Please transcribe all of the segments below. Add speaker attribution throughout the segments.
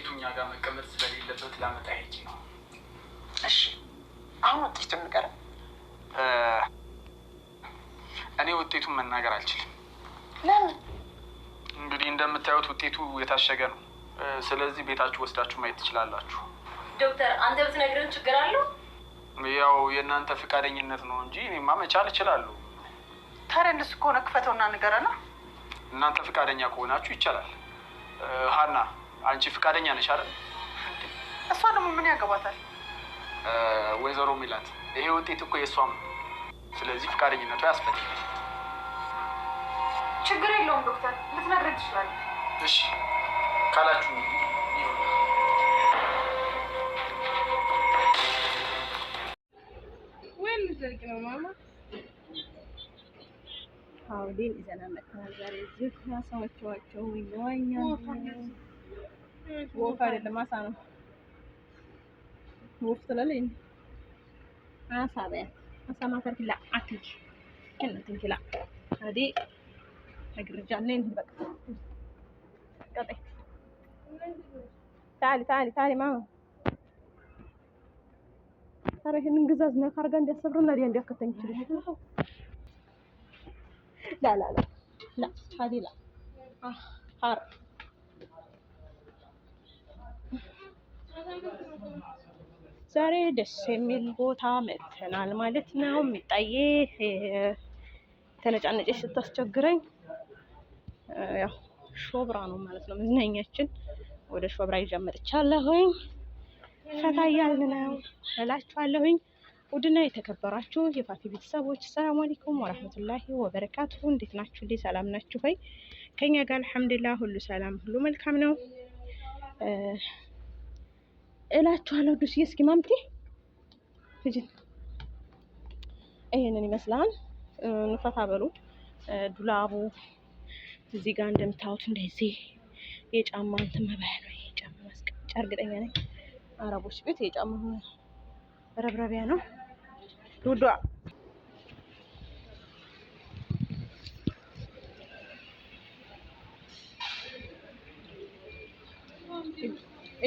Speaker 1: ውጤቱ እኛ ጋር መቀመጥ ስለሌለበት ላመጣ ሄጅ ነው።
Speaker 2: እሺ አሁን ውጤቱን ንገረን።
Speaker 1: እኔ ውጤቱን መናገር አልችልም። ለምን? እንግዲህ እንደምታዩት ውጤቱ የታሸገ ነው። ስለዚህ ቤታችሁ ወስዳችሁ ማየት ትችላላችሁ።
Speaker 3: ዶክተር፣ አንተ ብትነግረን ችግር አለው?
Speaker 1: ያው የእናንተ ፈቃደኝነት ነው እንጂ እኔማ መቻል እችላለሁ።
Speaker 2: ታዲያ እንደሱ ከሆነ ክፈተውና ንገረና።
Speaker 1: እናንተ ፈቃደኛ ከሆናችሁ ይቻላል። ሀና አንቺ ፍቃደኛ ነሽ አይደል?
Speaker 2: እሷ ደግሞ ምን ያገባታል?
Speaker 1: ወይዘሮ ሚላት ይሄ ውጤት እኮ የእሷም፣ ስለዚህ ፍቃደኝነቱ ያስፈልግ።
Speaker 3: ችግር የለውም ዶክተር፣ ልትነግረኝ ትችላለህ።
Speaker 1: እሺ ካላችሁ
Speaker 4: ሀውሌን ይዘናል መጥተናል። ዛሬ እዚህ ማሳዋቸዋቸው ወይኛ గోకాడిట్లా మసానం وصلالين عصابة عصابة كان كلا عتج كلا تنكلا هذه حق رجعنا لين بقى قطعت تعالي تعالي تعالي ماما ترى هنا انقزازنا خرج عندي صبرنا لين دقة تنكلي لا لا لا لا هذه لا آه حار ዛሬ ደስ የሚል ቦታ መጥተናል ማለት ነው። የሚጣዬ ተነጫነጨች ስታስቸግረኝ ያው ሾብራ ነው ማለት ነው መዝናኛችን። ወደ ሾብራ ይዣመጥቻለሁኝ ፈታ እያልን ነው እላችኋለሁኝ። ውድና የተከበራችሁ የፋፊ ቤተሰቦች ሰላም አለይኩም ወራህመቱላሂ ወበረካቱሁ። እንዴት ናችሁ? እንዴ ሰላም ናችሁ ሆይ? ከኛ ጋር አልሐምዱሊላህ ሁሉ ሰላም፣ ሁሉ መልካም ነው። እላችኋለሁ። ዱስዬ እስኪ ማምቲ ልጅ ይሄንን ይመስላል። ንፈታ በሉ ዱላቡ እዚህ ጋር እንደምታዩት እንደዚህ የጫማ እንትን መባያ ነው። የጫማ ማስቀመጫ እርግጠኛ ነኝ አረቦች ቤት የጫማ ረብረቢያ ነው ዱዷ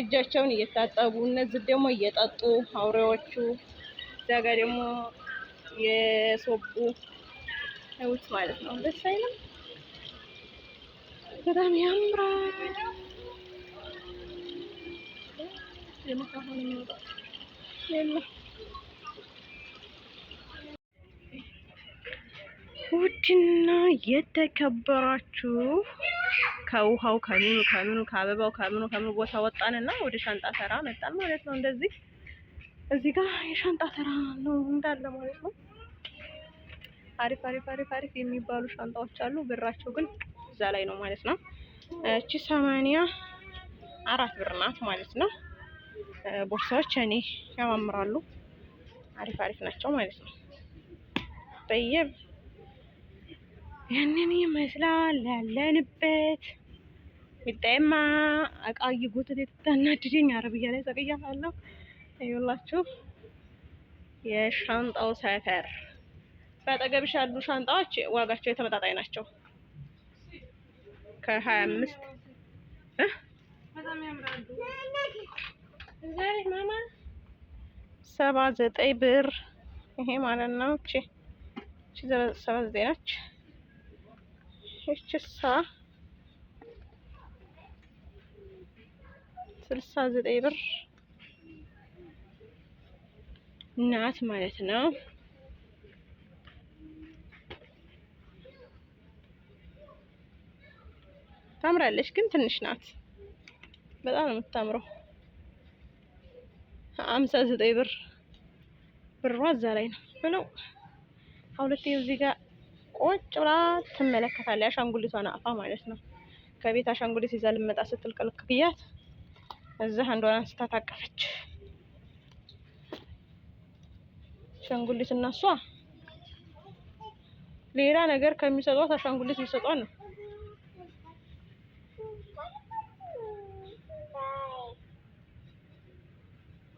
Speaker 4: እጃቸውን እየታጠቡ እነዚህ ደግሞ እየጠጡ አውሬዎቹ እዚያ ጋር ደግሞ የሶቡ ህይወት ማለት ነው። ደስ አይልም? በጣም ያምራል። ውድና የተከበራችሁ ከውሃው ከምኑ ከምኑ ከአበባው ከምኑ ከምኑ ቦታ ወጣንና ወደ ሻንጣ ተራ መጣን ማለት ነው። እንደዚህ እዚህ ጋር የሻንጣ ተራ ነው እንዳለ ማለት ነው። አሪፍ አሪፍ አሪፍ አሪፍ የሚባሉ ሻንጣዎች አሉ። ብራቸው ግን እዛ ላይ ነው ማለት ነው። እቺ ሰማንያ አራት ብር ናት ማለት ነው። ቦርሳዎች እኔ ያማምራሉ። አሪፍ አሪፍ ናቸው ማለት ነው። ጠየብ ይህንን ይመስላል ያለንበት። ሚጣይማ እቃ እየጎተተ ተናድደኝ አረብያ ላይ ዘቅያለሁ። ይኸውላችሁ የሻንጣው ሰፈር በአጠገብሽ ያሉ ሻንጣዎች ዋጋቸው የተመጣጣኝ ናቸው። ከሀያ አምስት ሰባ ዘጠኝ ብር ይሄ ማለት ነው። እቺ ሰባ ዘጠኝ ነች። ይችሳ ስልሳ ዘጠኝ ብር ናት ማለት ነው። ታምራለች፣ ግን ትንሽ ናት። በጣም ነው የምታምረው። አምሳ ዘጠኝ ብር ብሯ እዛ ላይ ነው ብለው ሁለቴ እዚህ ጋር ቁጭ ብላ ትመለከታለች። አሻንጉሊቷን አፋ ማለት ነው። ከቤት አሻንጉሊት ይዛ ልመጣ ስትል ብያት እዛ አንዷን አንስታ ታቀፈች። አሻንጉሊት እና እሷ ሌላ ነገር ከሚሰጧት አሻንጉሊት የሚሰጧት ነው።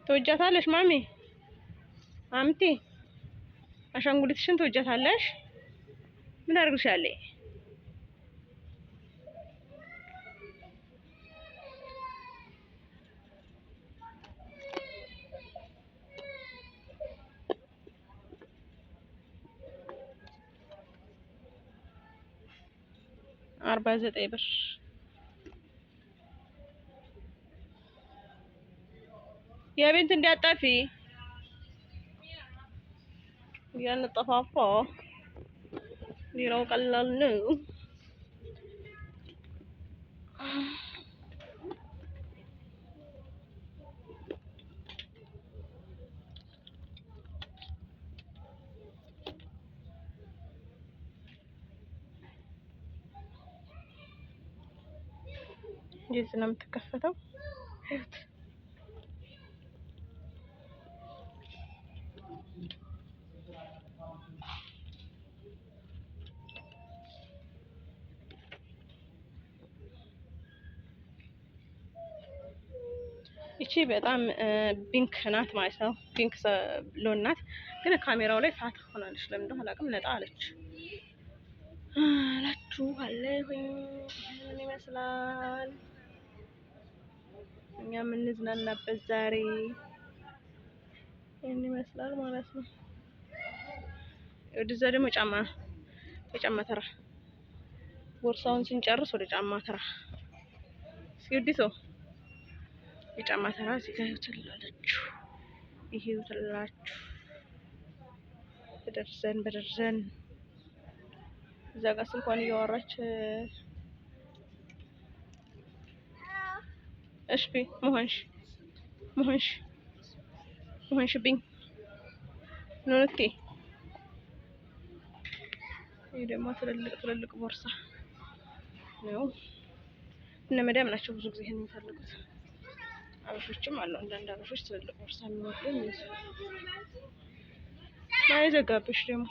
Speaker 4: ትወጃታለሽ ማሚ? አምቲ አሻንጉሊትሽን ትወጃታለሽ? ምን አድርግሻለሁ? አርባ ዘጠኝ ብር የቤት እንዳጠፊ እያንጠፋፋ Dito ko kalal na. ጊዜ ነው የምትከፈተው። በጣም ቢንክ ናት ማለት ነው። ቢንክ ሎን ናት፣ ግን ካሜራው ላይ ፋት ሆናለች። ለምን እንደሆነ አላውቅም። ነጣ አለች አላችሁ አለ ምን ይመስላል? እኛ የምንዝናናበት ዛሬ ይህን ይመስላል ማለት ነው። ወደዛ ደግሞ ጫማ የጫማ ተራ ቦርሳውን ስንጨርስ ወደ ጫማ ተራ ሲውዲ ሰው የጫማ ተራ እዚህ ጋር ይውትላችሁ ይሄ ይውትላችሁ በደርዘን በደርዘን እዛ ጋር ስልኳን እያወራች እሺ መሆንሽ መሆንሽ መሆንሽብኝ ኑንቴ ይህ ደግሞ ትልልቅ ትልልቅ ቦርሳ ነው። እነ መዳም ናቸው ብዙ ጊዜ ይሄን የሚፈልጉት። አበሾችም አሉ። አንዳንድ አበሾች ትልልቅ ቦርሳ የሚወዱ የሚይዙ ማየት ዘጋብሽ ደግሞ